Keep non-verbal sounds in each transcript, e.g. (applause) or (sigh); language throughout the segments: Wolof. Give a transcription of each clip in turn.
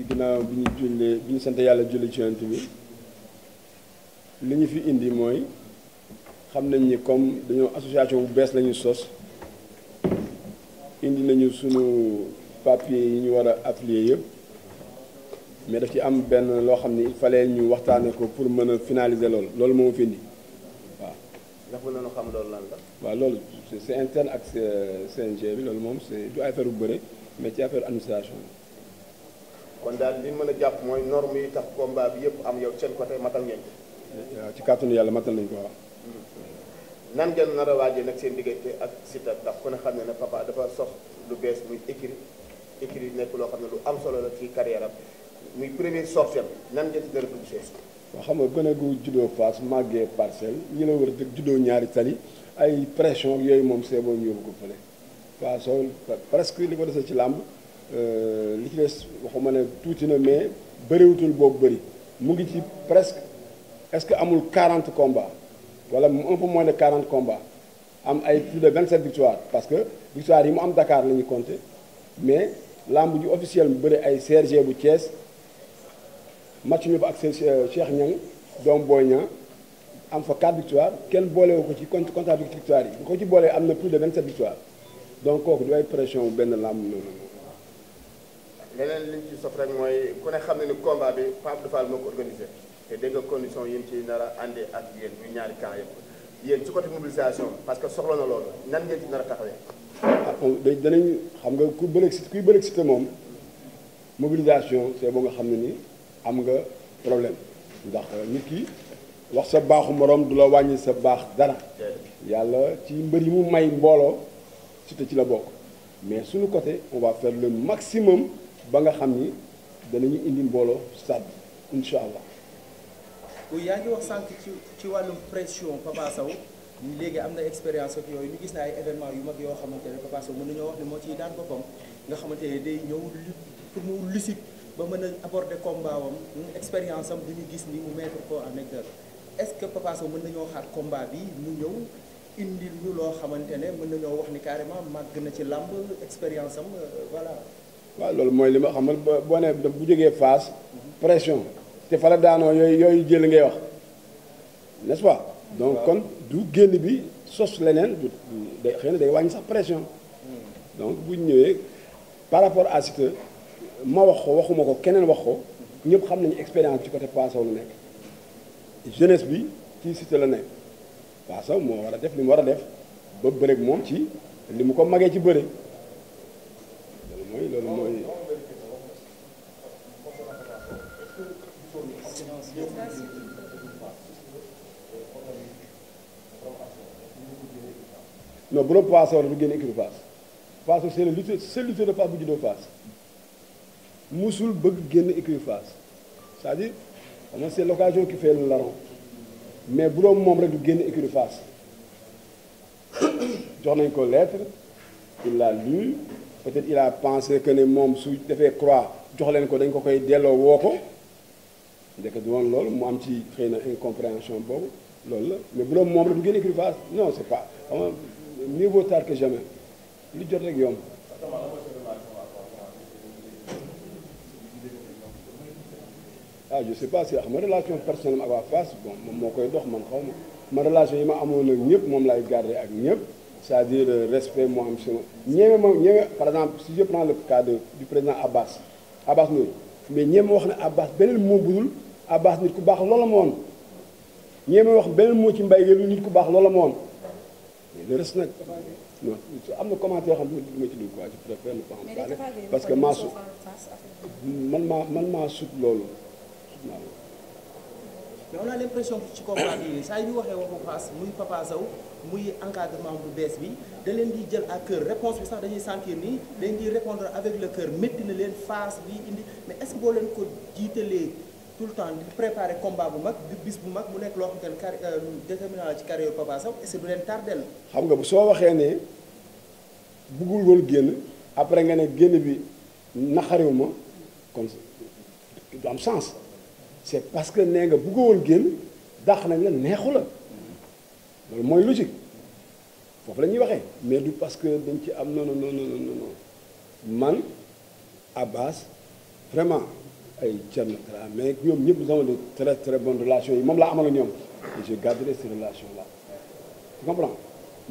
gi ginnaaw bi ñu jullee bi ñu sant yàlla julli ci yonent bi li ñu fi indi mooy xam nañ ni comme dañoo association bu bees lañu sos indi nañu sunu papier yi ñu war a applier yëpp mais daf ci am benn loo xam ni il ñu waxtaane ko pour mën a finaliser loolu loolu moo fi indi waaw. ndax mën nañu xam loolu lan la. waaw loolu c'est interne ak euh, CNG bi loolu moom c'est du affaire bu bëre mais ci affaire administration kon daal li mën a jàpp mooy norme yi tax combat bi yëpp am yow seen côté matal ngeen ko. waaw eh, eh, ci kàttanu yàlla matal nañ ko waaw. Hmm. nan ngeen nar a waajee nag seen diggante ak Siteu ndax ku ne xam ne ne papa dafa sox lu bees muy écrit écrit nekk loo xam ne lu am solo la ci carrière am muy premier sortie nan ngeen ci dara dugg see. waaw xam nga gone gu juddoo Fass màggee parcelle ñu la wër dëkk juddoo ñaari tali ay pression yooyu moom seeboon yóbbu ko fële waaw soo presque li ko dese ci làmb. Euh, li ci des waxuma ne tuuti na mais bëriwutul boobu bëri mu ngi ci presque est-ce que amul quarante combats wala un peu moins de 40 combats am ay plus de 27 victoires parce que victoire yi mu am dakaar la ñu compté mais làmb ji officiel mu bëri ay CRG bu Thiès match ñu ba ak Cheikh Niang doom Boy Niang am fa 4 victoires kenn boolewu ko ci compte comptable victoire yi bu ko ci boolee am na plus de 27 victoires donc kooku du ay pression leneen liñ ci sof rek mooy ku ne xam ne ni combat bi Pape Dufal moo ko organisé te dégg condition yi ci nar a àndee ak yéen ñu ñaari camp yëpp yéen su côté mobilisation parce que soxla na nan ngeen ci nar a taxawee. ah xam nga ku bëreeg si kuy bëreeg si te moom mobilisation c'est boo nga xam ne ni am nga problème ndax nit ki wax sa baaxu moroom du la wàññi sa baax dara. yàlla ci mbër yi mu may mbooloo si ci la bokk mais suñu côté on va faire le maximum. ba nga xam ni danañu indi mbooloo stade bi incha allah. oui yaa ngi wax sànq ci ci wàllum pression Papa Sow ñu léegi am na expérience ak yooyu ñu gis naa ay événement yu mag yoo xamante ne Papa Sow mën nañoo wax ne moo ciy daan boppam nga xamante ne day ñëw pour mu lucide ba mën na aborder combat wam expérience am bu ñu gis ni mu mettre ko en exergue est-ce que Papa Sow mën nañoo xaar combat bi mu ñëw indil ñu loo xamante ne mën nañoo wax ni carrément màgg na ci làmb expérience am euh, voilà. waaw loolu mooy li ma xamal boo ne bu jógee face pression te fa la daanoo yooyu yooyu jël ngay wax n'est-ce pas donc kon du génn bi sos leneen day xëy na day wàññi sax pression donc bu ñëwee par rapport à ce ma wax ko waxuma ko keneen wax ko ñëpp xam nañu expérience ci côté Passaw la nekk jeunesse bi ci cité la nekk Passaw moo war a def li mu war a def ba bëreeg moom ci li mu ko magee ci bëre loolu mooy. non bu doon Passe war na génne équipe Passe Passe c'est le lutteur seul lutteur de Passe bu juddoo Passe musul bëgg génn équipe Passe cest dire xam nga c'est l'occasion qui fait le larron mais bu doon moom rek du génn équipe Passe (coughs) jox nañ ko lettre il l'a lu peut-être il a pensé que ne moom su defee croix jox leen ko dañ ko koy delloo woo ko ndeke du woon loolu mu am ci xëy na incompréhension boobu loolu la mais bu doon moom la du ngeen écrire face non c'est pas xam nga mieux vaut tard que jamais lu jot rek yomb. Ah, relation personnelle ak waa face bon moom moo koy dox man xaw ma ma relation yi ma amoon ak ñëpp moom laay garder ak ñëpp. c'est-à-dire euh, respect moo am solo ñeme ma ñeme par exemple si je prends le cas de du président Abbas Abbas Ndoye mais ñeme wax ne Abbas beneen moo budul Abbas nit ku baax loola moon ñeme wax beneen moo ci mbay lu nit ku baax loola moon mais le am na commentaire yoo parce que maa su man maa man maa sut loolu sut a saa yu waxee waxu Fass muy Papa muy encadrement bu bees bi da leen di jël ak cœur réponse bi sax dañuy sentir nii dañ di répondre avec le kër métti na leen face bi indi mais est-ce boo leen ko jiitalee tout le temps di préparer combat bu mag bis bu mag mu nekk loo xamante ne car euh, déterminant la ci carrière Papa xam nga bu soo waxee ne buggul woon génn après nga ne génn bi naxarew ma kon du am sens c'est parce que nee nga buggoo woon génn dàq nañ la neexu la loolu mooy logique foofu la ñuy waxee mais du parce que dañ ci am noonu noonu non non man Abbas vraiment ay Thierno Tra mais ñoom ñëpp nous avons de très très bonnes relations yi moom laa amal ak ñoom et je garderai ces relations là tu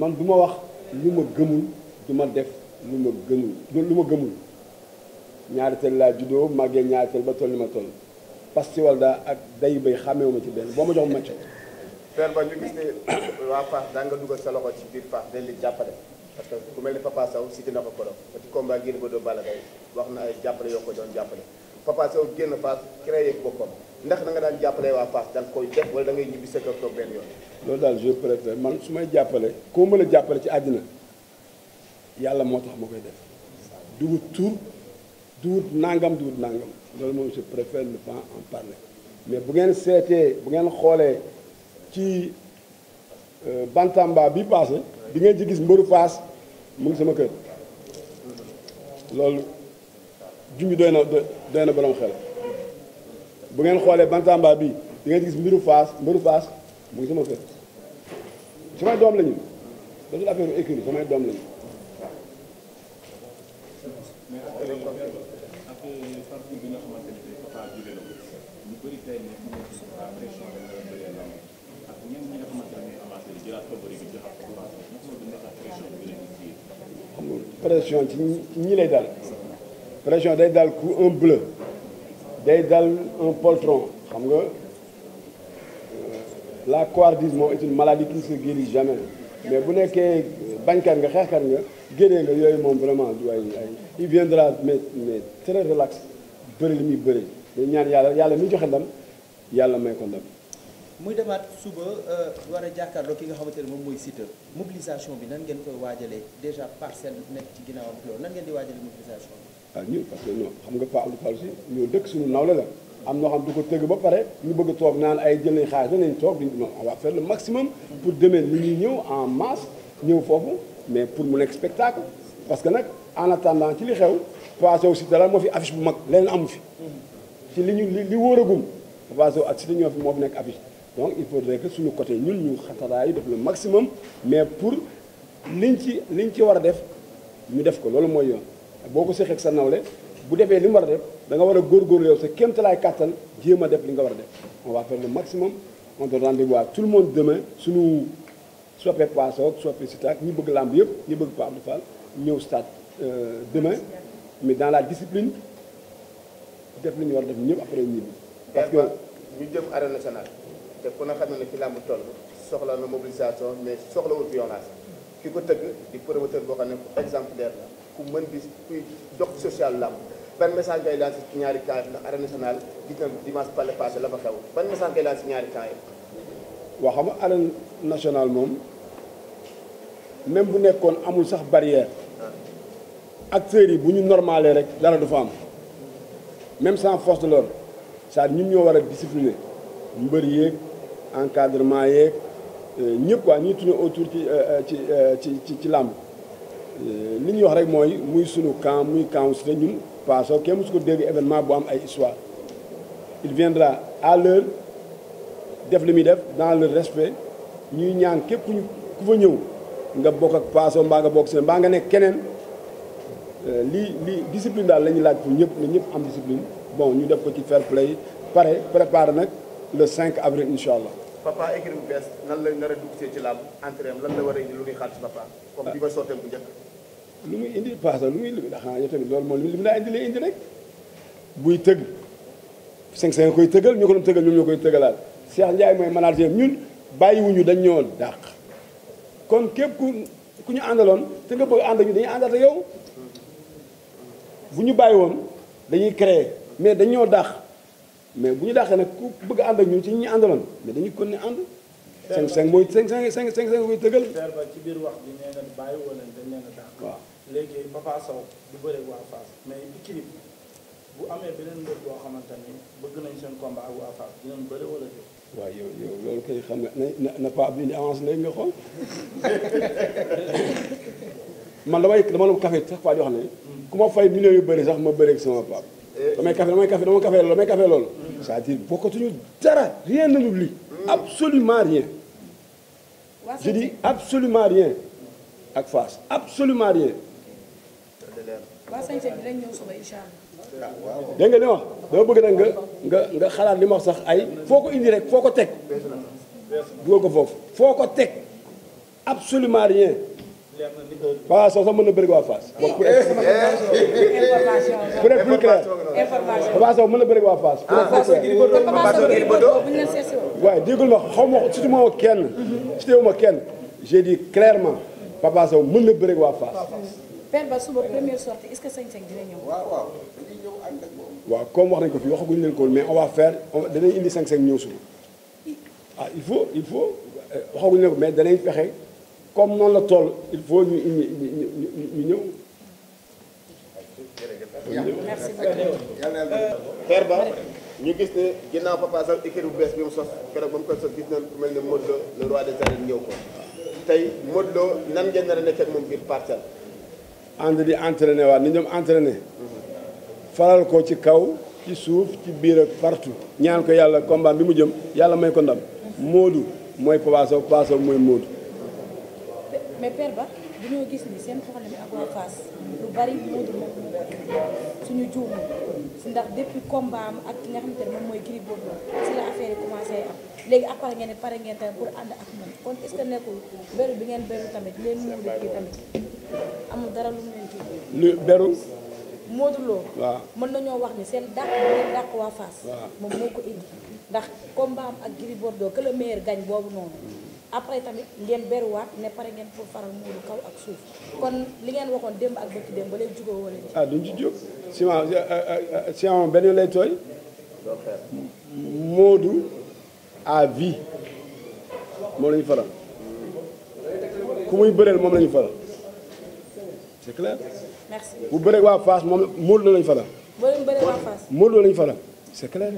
man du ma wax lu ma gëmul du ma def lu ma gëmul lu ma gëmul ñaari teel laa juddoo màggee ñaari teel ba toll ni ma toll parce que walda ak day bay xàmmeewuma ci benn boo ma jox ma ci père ba ñu (coughs) dugal sa loxo ci biir Fass dañ leen jàppale parce que ku mel ne Papa Sow cité na ko koro ci combat Gris Bordeaux Balla Gaye wax na jàppale yoo ko doon jàppale Papa Sow génn Fass créé boppam ndax da nga daan jàppale waa Fass da nga koy def wala da ngay ñibbi sa kër benn yoon loolu daal je préfère man su may jàppale koo mën a jàppale ci àddina yàlla moo tax ma koy def duwut tur duwut nangam duwut nangam loolu moom je préfère ne pas bu ngeen xoolee ci euh, bantamba bi passé bi ngeen ci gis mbëru paas mu ngi sama kër loolu jumbi doy na doy na borom xel bu ngeen xoolee bantamba bi di ngeen ci gis mbiru faas mbëru faas mu ngi sama kër samay doom lañu daful affaire écurie samay doom lañu euh, amul pression ci ñi lay dal pression day dal ku un bleu day dal un poltron xam nga euh, la couardisme est une maladie qui ne se jamais mais bu nekkee bañkat nga xeex xeexkat nga génnee nga yooyu moom vraiment du ay ay il viendra mais mais très relax bëri li muy bëri dañ ñaan yàlla yàlla mi joxe ndam yàlla may ko ndam muy demaat suba euh, war a jàkkaarloo ki nga xamante ne moom mooy Siteu mobilisation bi nan ngeen koy waajalee déjà parcelle nekk ci ginnaawam loolu nan ngeen di waajalee mobilisation bi. ah ñun parce que xam nga Pa Abdou Fall si ñoo dëkk suñu la am noo xam du ko tëgg ba pare ñu bëgg toog naan ay jël nañ xaalis danañ toog duñ non on va faire le maximum pour demain nit ñi ñëw en masse ñëw foofu mais pour mu nekk spectacle parce que nag en attendant ci li xew Papa Sow Siteu la moo fi affiche bu mag leneen amu fi mm-hmm. ci li ñu li wóoragum Papa Sow ak Siteu ñoo fi moo fi nekk affiche donc il faudrait que suñu côté ñun ñu xataraayu def le maximum mais pour liñ ci liñ ci war a def ñu def ko loolu mooy yoon boo ko séqee ak sa nawle bu defee li mu war a def da nga war a góor góorgóorlu yow sa kéemtalaay kàttan jéem a def li nga war a def on va faire le maximum on donne rendez-vous à tout le monde demain suñu soppe Passo soppe Sitaak ñi bëgg làmb yëpp ñi bëgg Pape Abdou Fall ñëw stade euh, demain mais dans la discipline def li ñu war a def ñëpp après ñibbi parce que ñu jëm arène nationale te ku ne xam ne fi làmb toll soxla na mobilisation mais soxlawul violence ki ko tëgg di promoteur boo xam ne ku exemplaire la ku mën di kuy dox social làmb ban message ngay lancé ci ñaari cas yi ndax arène nationale gis na dimanche pale passé la fa xew ban message ngay lancé ci ñaari cas yi waaw xam nga nationale moom même bu nekkoon amul sax barrière acteurs yi bu ñu normalé rek dara du fa am même sans force de l'ordre cest à ñoo war a discipliner mbër yeeg encadrement yeeg euh, ñëpp waa ñuy tourné autour ci euh, euh, ci ci ci làmb li ñuy wax rek mooy muy sunu camp muy camp Siteu ñun paaso kenn musu ko dégg événement boo am ay histoire il viendra à l'heure def li muy def dans le respect ñuy ñaan képp ku ku fa ñëw nga bokk ak paasoo mbaa nga bokk seen mbaa nga nekk keneen lii lii discipline daal la ñuy laaj ko ñëpp na ñëpp am discipline bon ñu def ko ci fair play pare préparé nag le cinq avril incha allah. papa écrit bu bees nan la nar a dugg ci làmb entraînement lan la war a indi lu muy xaar ci papa comme bi ko sottee bu njëkk. lu muy indi paase lu muy lim xanaa ah, yow tamit loolu moom li mu daa indi lay indi rek buy tëgg 5-5 koy tëggal ñu ko doon tëggal ñoom ñoo koy tëggalaat Cheikh Ndiaye mooy manager ñun bàyyiwuñu dañ ñoo dàq kon képp ku ku ñu àndaloon te nga bëgg ànd ñu dañuy àndaat yow bu ñu bàyyi woon dañuy créer mais dañ ñoo dàq. mais bu ñu dàqee nag ku bëgg a ak ñun ci ñi ñu àndaloon mais dañuy kon ne ànd. 5 5 mooy 5 5 5 5 mooy tëgal. biir wax bi nee na bàyyi wala a mais équipe bu amee beneen mbir boo xamante ni bëgg nañ seen combat ak waa Fass dinañ bëre wala déet. waaw yow yow loolu koy xam nga na na Pape di avance léegi nga xool (laughs) man damay dama la café sax Pape yoo xam ne. Mm. ku ma fay millions yu bëri sax ma bëreeg sama Pape. Eh. damay café damay café damay café loolu. c'est-à-dire bokkatuñu dara rien na lu lii absolument rien je dis absolument rien ak Fass absolument rien dégg nga li wax dama bëgg nag nga nga nga xalaat li ma wax sax ay foo ko indi rek foo ko teg dugal ko foofu foo ko teg absolument rien waaw soo sax mën na bëri waa Fass. wax ku nekk plus Papa Sow mën na bëri waa Fass. waaye ah, déggul ma xaw ma surtout ma Papa Sow mën na bëri waa Fass. père ba suba première sortie est-ce que sañ-sañ dina ñëw. waaw comme wax nañ ko fii waxaguñ leen ko mais on va faire indi sañ-sañ ñëw suba ah il faut il faut euh, waxaguñ leen ko mais danañ fexe. comme noonu la tool il faut ñu ñu ñëw. merci euh, ñu gis ne ginnaaw Papa Sow écurie bu bees bi mu sos keroog ba mu koy sos gis nañ mel ne Modou Lo le roi des arènes ñëw ko tey Modou Lo nan ngeen nar a nekk ak moom biir parcelle. ànd di entraîné waa ni ñoom entraîné. Mhm. faral ko ci kaw ci suuf ci biir ak partout. ñaan ko yàlla combat bi mu jëm yàlla may ko ndam. Mhm. Modou mooy Papa Sow Papa Sow mooy Modou. mais père ba dañoo gis ni seen problème ak waa lu bari Modou suñu juumu si ndax depuis combat am ak ki nga xamante ne moom mooy Gris si la affaire yi am léegi après ngeen ne pare ngeen tamit pour ànd ak man kon est ce que nekkul beru bi ngeen beru tamit leen Modou kii tamit amul dara lu mu leen kii. lu beru. Modou Lo. mën nañoo wax ni seen dàq bi ngeen dàq waa Fass. waaw moom moo ko indi ndax combat ak Gris Bordeaux que le meilleur boobu noonu. après tamit ngeen beruwaat ne pare ngeen pour faral muuru kaw ak suuf kon li ngeen waxoon démb ak bëkki démb ba léegi jugoo wala ah duñ ci jóg ciment euh, euh, ciment benn lay tooy Modou à vie moom la ñu faral ku muy bëreel moom lañu ñu faral c'est waa Fass moom Modou la ñu faral. boo leen bëree la ñu faral c'est clair.